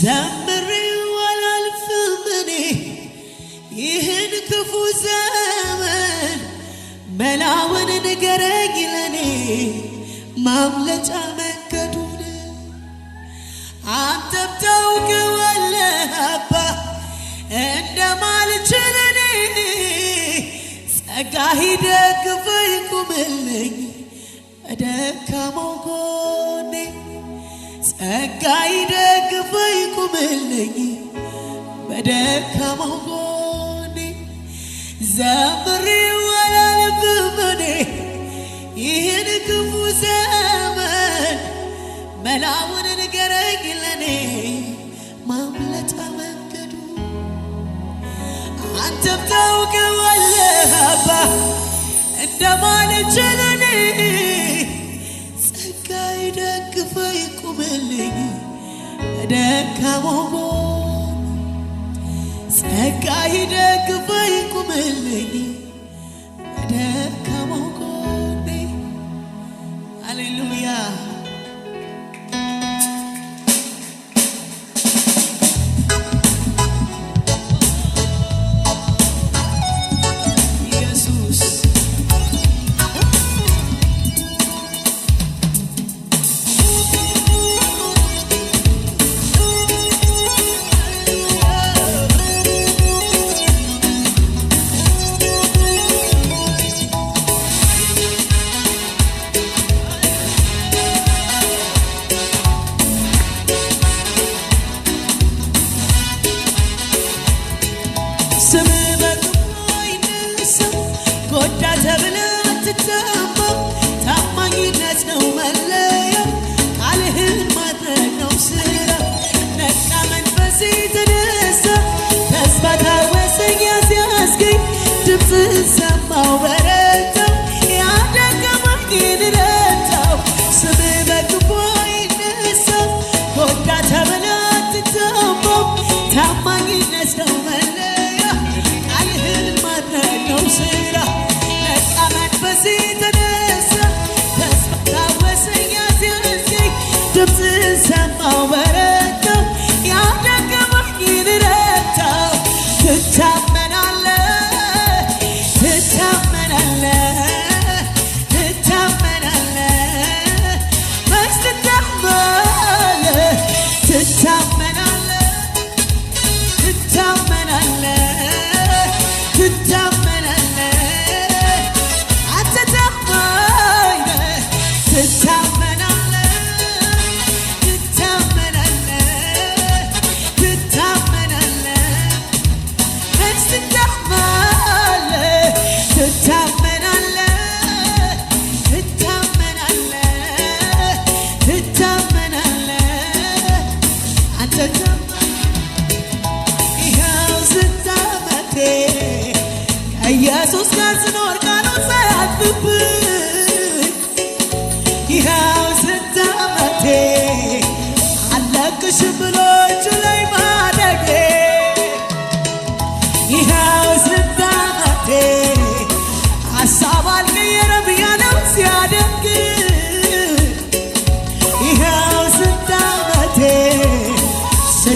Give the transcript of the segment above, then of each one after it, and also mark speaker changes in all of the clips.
Speaker 1: ዘምሬው አላልፍም እኔ ይህን ክፉ ዘመን መላውን ንገረኝ ለኔ ማምለጫ መንገዱን አንተም ታውቀዋለህ አባ እንደማልችል እኔ ጸጋ ሂደግፈ ይቁምልኝ ደካማው ጎኔ ጸጋይ ደግፎ ይቁምልኝ በደካማው ጎኔ ዘምሬ አላልፍም እኔ ይህን ክፉ ዘመን መላውን ንገረኝ ለኔ ማምለጫ መንገዱ አንተም ታውቀዋለህ አባ እንደማልችል እኔ ደግፈኝ ቁምልኝ ደካማው ጎን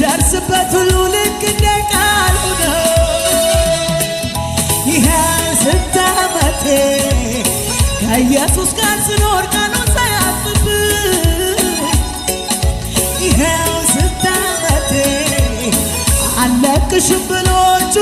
Speaker 1: ስደርስበት ሁሉ ልክ እንደ ቃሉ ነው። ይህ ስንት ዓመቴ ከኢየሱስ ጋር ስኖር ቀኑ ሳያፍብኝ ይኸው ስንት ዓመቴ አለቅሽም ብሎ እጁ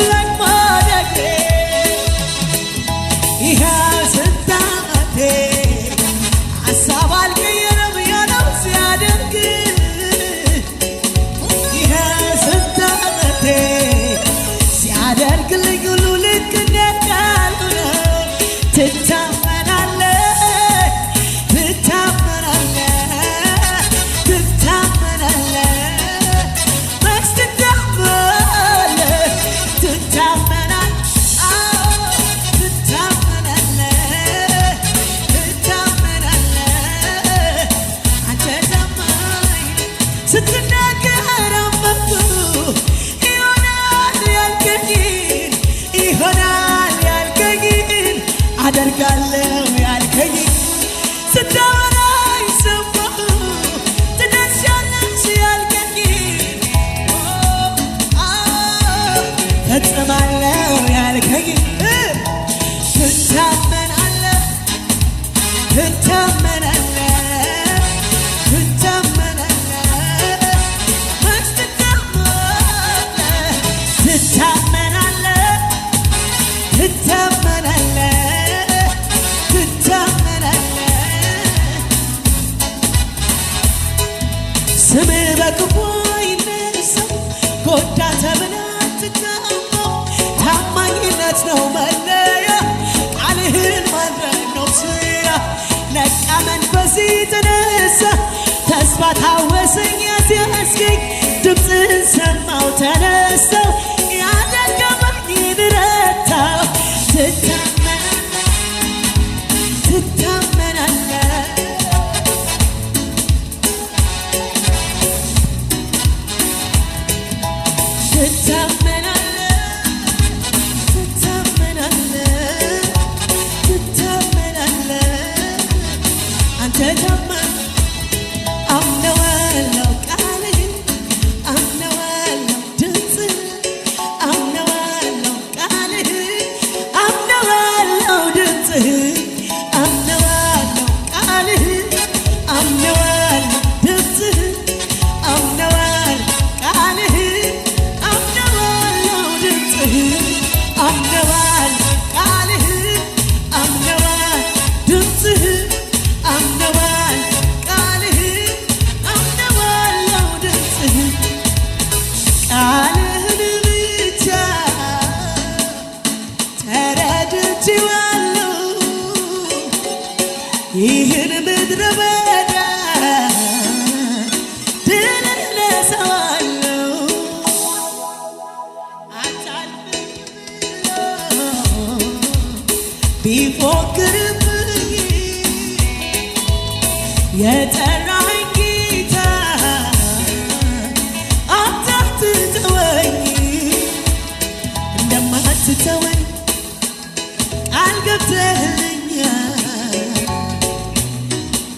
Speaker 1: ከዚህ ተነሳ ተስፋ ታወሰኝ ያስያስገኝ ድምፅን ሰማው ተነስተው ያደገው ምድረ በዳ ድል እነሳዋለሁ አታልፈኝም ቢፎክርብኝ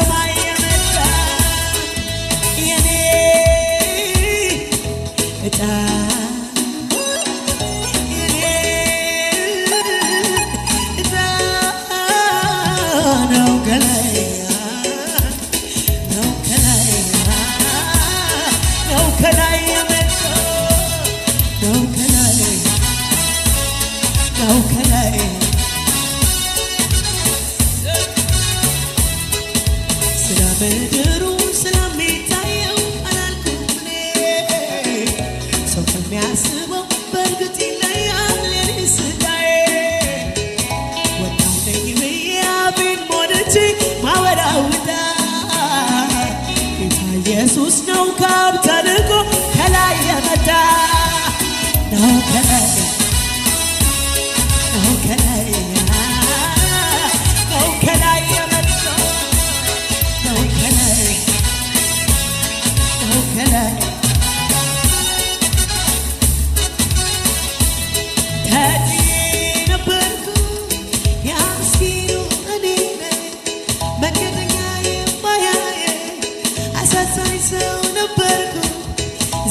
Speaker 1: ከሰማይ የመጣ የኔ እጣ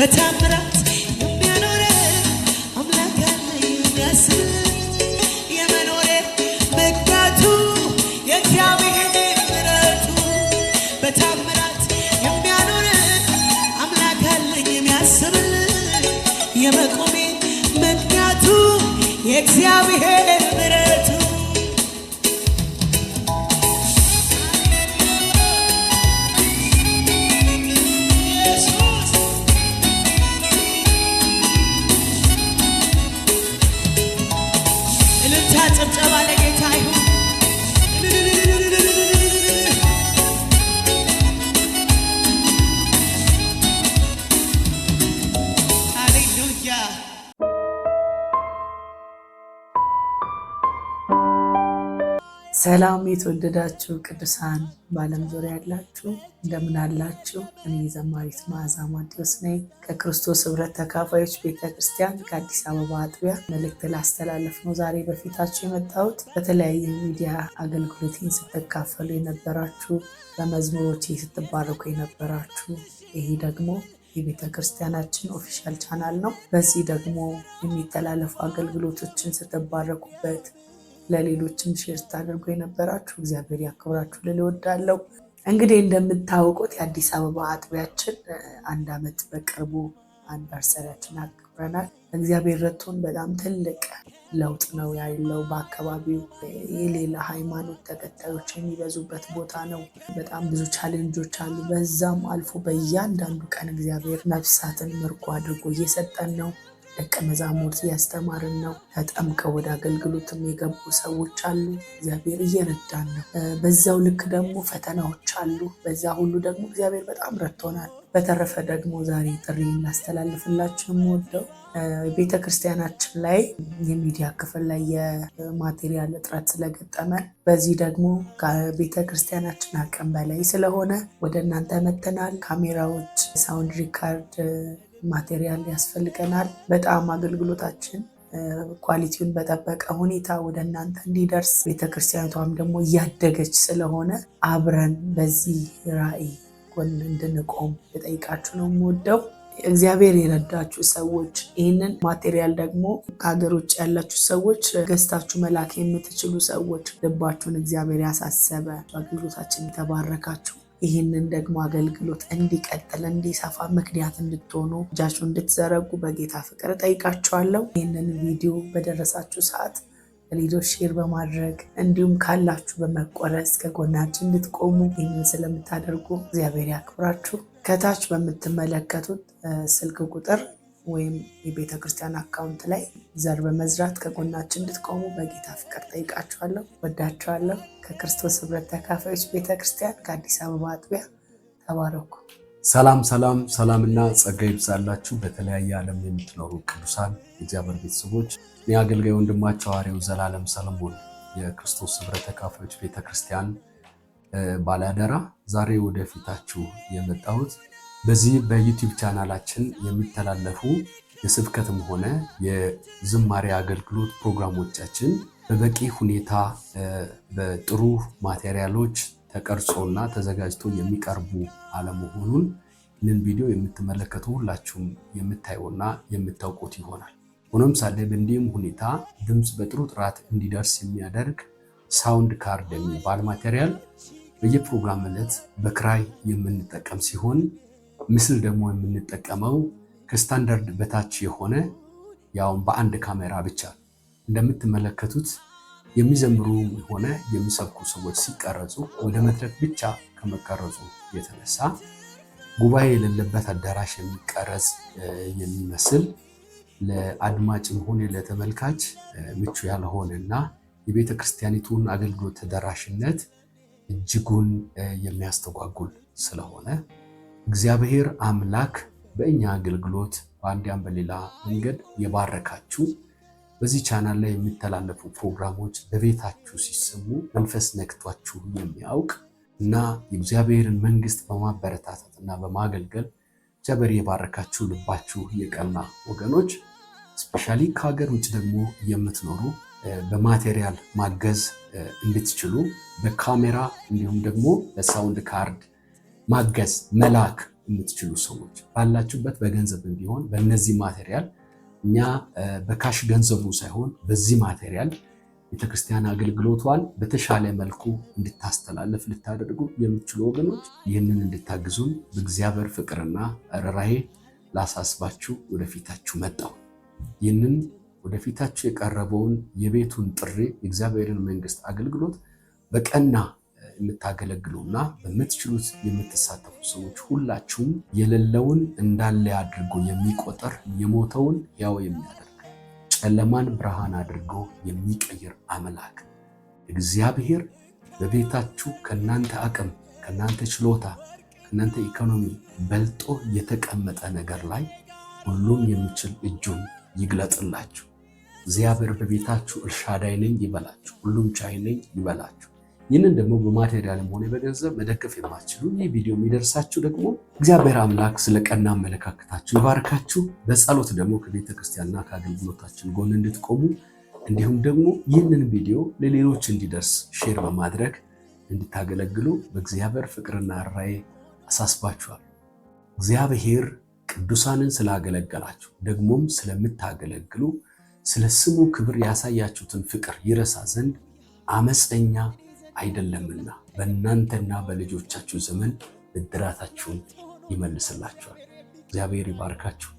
Speaker 1: በታምራት የሚያኖረ አምላክ የሚያስብ የመኖረ መጋቱ የእግዚአብሔር ምሕረቱ በታምራት የሚያኖረ አምላክ የሚያስብል የመቆሜ መጋቱ የእግዚአብሔር
Speaker 2: ሰላም የተወደዳችሁ ቅዱሳን በዓለም ዙሪያ ያላችሁ እንደምን አላችሁ? እኔ ዘማሪት መዓዛ ማቴዎስ ነኝ። ከክርስቶስ ህብረት ተካፋዮች ቤተ ክርስቲያን ከአዲስ አበባ አጥቢያ መልእክት ላስተላለፍ ነው ዛሬ በፊታችሁ የመጣሁት። በተለያየ ሚዲያ አገልግሎቴን ስትካፈሉ የነበራችሁ፣ በመዝሙሮቼ ስትባረኩ የነበራችሁ ይሄ ደግሞ የቤተ ክርስቲያናችን ኦፊሻል ቻናል ነው። በዚህ ደግሞ የሚተላለፉ አገልግሎቶችን ስትባረኩበት ለሌሎችም ሼር ስታደርጉ የነበራችሁ እግዚአብሔር ያክብራችሁ ልል እወዳለሁ። እንግዲህ እንደምታውቁት የአዲስ አበባ አጥቢያችን አንድ ዓመት በቅርቡ አንቨርሰሪያችን አክብረናል። እግዚአብሔር ረቶን በጣም ትልቅ ለውጥ ነው ያለው። በአካባቢው የሌላ ሃይማኖት ተከታዮች የሚበዙበት ቦታ ነው። በጣም ብዙ ቻሌንጆች አሉ። በዛም አልፎ በእያንዳንዱ ቀን እግዚአብሔር ነፍሳትን ምርኮ አድርጎ እየሰጠን ነው። ደቀ መዛሙርት እያስተማርን ነው። ተጠምቀው ወደ አገልግሎትም የገቡ ሰዎች አሉ። እግዚአብሔር እየረዳን ነው። በዛው ልክ ደግሞ ፈተናዎች አሉ። በዛ ሁሉ ደግሞ እግዚአብሔር በጣም ረድቶናል። በተረፈ ደግሞ ዛሬ ጥሪ እናስተላልፍላችሁ የምወደው ቤተ ክርስቲያናችን ላይ የሚዲያ ክፍል ላይ የማቴሪያል እጥረት ስለገጠመ በዚህ ደግሞ ከቤተ ክርስቲያናችን አቅም በላይ ስለሆነ ወደ እናንተ መተናል። ካሜራዎች፣ ሳውንድ ሪካርድ ማቴሪያል ያስፈልገናል። በጣም አገልግሎታችን ኳሊቲውን በጠበቀ ሁኔታ ወደ እናንተ እንዲደርስ ቤተክርስቲያኒቷም ደግሞ እያደገች ስለሆነ አብረን በዚህ ራዕይ ጎን እንድንቆም የጠይቃችሁ ነው የምወደው። እግዚአብሔር የረዳችሁ ሰዎች ይህንን ማቴሪያል ደግሞ ከሀገር ውጭ ያላችሁ ሰዎች ገዝታችሁ መላክ የምትችሉ ሰዎች ልባችሁን እግዚአብሔር ያሳሰበ አገልግሎታችን የተባረካችሁ ይህንን ደግሞ አገልግሎት እንዲቀጥል እንዲሰፋ ምክንያት እንድትሆኑ እጃችሁ እንድትዘረጉ በጌታ ፍቅር ጠይቃችኋለሁ። ይህንን ቪዲዮ በደረሳችሁ ሰዓት ለሌሎች ሼር በማድረግ እንዲሁም ካላችሁ በመቆረስ ከጎናችን እንድትቆሙ ይህንን ስለምታደርጉ እግዚአብሔር ያክብራችሁ። ከታች በምትመለከቱት ስልክ ቁጥር ወይም የቤተ ክርስቲያን አካውንት ላይ ዘር በመዝራት ከጎናችን እንድትቆሙ በጌታ ፍቅር ጠይቃችኋለሁ። ወዳችኋለሁ። ከክርስቶስ ህብረት ተካፋዮች ቤተ ክርስቲያን ከአዲስ አበባ አጥቢያ ተባረኩ።
Speaker 3: ሰላም ሰላም ሰላምና ጸጋ ይብዛላችሁ። በተለያየ ዓለም የምትኖሩ ቅዱሳን እግዚአብሔር ቤተሰቦች እኔ አገልጋይ ወንድማቸው ሐዋርያው ዘላለም ሰለሞን የክርስቶስ ህብረት ተካፋዮች ቤተ ክርስቲያን ባለአደራ ዛሬ ወደፊታችሁ የመጣሁት በዚህ በዩቲዩብ ቻናላችን የሚተላለፉ የስብከትም ሆነ የዝማሬ አገልግሎት ፕሮግራሞቻችን በበቂ ሁኔታ በጥሩ ማቴሪያሎች ተቀርጾና ተዘጋጅቶ የሚቀርቡ አለመሆኑን ይህንን ቪዲዮ የምትመለከቱ ሁላችሁም የምታዩና የምታውቁት ይሆናል። ሆኖም ሳለ በእንዲህም ሁኔታ ድምፅ በጥሩ ጥራት እንዲደርስ የሚያደርግ ሳውንድ ካርድ የሚባል ማቴሪያል በየፕሮግራም ዕለት በክራይ የምንጠቀም ሲሆን ምስል ደግሞ የምንጠቀመው ከስታንዳርድ በታች የሆነ ያውም በአንድ ካሜራ ብቻ እንደምትመለከቱት የሚዘምሩ ሆነ የሚሰብኩ ሰዎች ሲቀረጹ ወደ መድረክ ብቻ ከመቀረጹ የተነሳ ጉባኤ የሌለበት አዳራሽ የሚቀረጽ የሚመስል ለአድማጭም ሆነ ለተመልካች ምቹ ያልሆነ እና የቤተ ክርስቲያኒቱን አገልግሎት ተደራሽነት እጅጉን የሚያስተጓጉል ስለሆነ እግዚአብሔር አምላክ በእኛ አገልግሎት በአንዲያም በሌላ መንገድ የባረካችሁ በዚህ ቻናል ላይ የሚተላለፉ ፕሮግራሞች በቤታችሁ ሲሰሙ መንፈስ ነክቷችሁ የሚያውቅ እና የእግዚአብሔርን መንግስት በማበረታታት እና በማገልገል እግዚአብሔር የባረካችሁ ልባችሁ የቀና ወገኖች፣ ስፔሻሊ ከሀገር ውጭ ደግሞ የምትኖሩ በማቴሪያል ማገዝ እንድትችሉ በካሜራ እንዲሁም ደግሞ በሳውንድ ካርድ ማገዝ መላክ የምትችሉ ሰዎች ባላችሁበት በገንዘብም ቢሆን በእነዚህ ማቴሪያል እኛ በካሽ ገንዘቡ ሳይሆን በዚህ ማቴሪያል ቤተክርስቲያን አገልግሎቷን በተሻለ መልኩ እንድታስተላለፍ ልታደርጉ የምትችሉ ወገኖች ይህንን እንድታግዙን በእግዚአብሔር ፍቅርና ርኅራኄ ላሳስባችሁ ወደፊታችሁ መጣው። ይህንን ወደፊታችሁ የቀረበውን የቤቱን ጥሪ የእግዚአብሔርን መንግስት አገልግሎት በቀና የምታገለግሉ እና በምትችሉት የምትሳተፉ ሰዎች ሁላችሁም የሌለውን እንዳለ አድርጎ የሚቆጠር የሞተውን ያው የሚያደርግ ጨለማን ብርሃን አድርጎ የሚቀይር አምላክ እግዚአብሔር በቤታችሁ ከእናንተ አቅም፣ ከእናንተ ችሎታ፣ ከእናንተ ኢኮኖሚ በልጦ የተቀመጠ ነገር ላይ ሁሉም የሚችል እጁን ይግለጥላችሁ። እግዚአብሔር በቤታችሁ እርሻዳይ ነኝ ይበላችሁ። ሁሉም ቻይ ነኝ ይበላችሁ። ይህንን ደግሞ በማቴሪያልም ሆነ በገንዘብ መደገፍ የማትችሉ ይህ ቪዲዮ የሚደርሳችሁ ደግሞ እግዚአብሔር አምላክ ስለ ቀና አመለካከታችሁ ይባርካችሁ። በጸሎት ደግሞ ከቤተ ክርስቲያንና ከአገልግሎታችን ጎን እንድትቆሙ እንዲሁም ደግሞ ይህንን ቪዲዮ ለሌሎች እንዲደርስ ሼር በማድረግ እንድታገለግሉ በእግዚአብሔር ፍቅርና ራይ አሳስባችኋል። እግዚአብሔር ቅዱሳንን ስላገለገላችሁ ደግሞም ስለምታገለግሉ ስለ ስሙ ክብር ያሳያችሁትን ፍቅር ይረሳ ዘንድ አመፀኛ አይደለምና በእናንተና በልጆቻችሁ ዘመን ብድራታችሁን ይመልስላችኋል። እግዚአብሔር ይባርካችሁ።